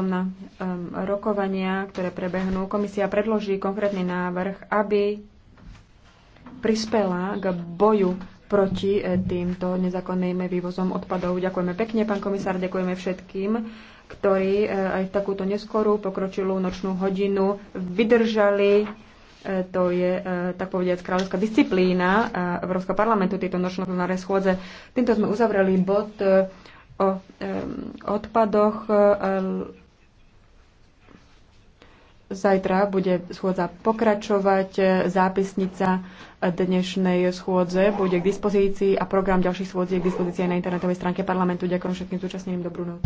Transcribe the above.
na um, rokovania, ktoré prebehnú, komisia predloží konkrétny návrh, aby prispela k boju proti e, týmto nezákonným vývozom odpadov. Ďakujeme pekne, pán komisár, ďakujeme všetkým, ktorí e, aj v takúto neskorú pokročilú nočnú hodinu vydržali. E, to je, tak povediať, kráľovská disciplína Európskeho parlamentu, tieto nočno-plenárne schôdze. Týmto sme uzavreli bod o odpadoch Zajtra bude schôdza pokračovať, e, zápisnica dnešnej schôdze bude k dispozícii a program ďalších schôdzi je k dispozícii aj na internetovej stránke parlamentu. Ďakujem všetkým zúčastneným. Dobrú noc.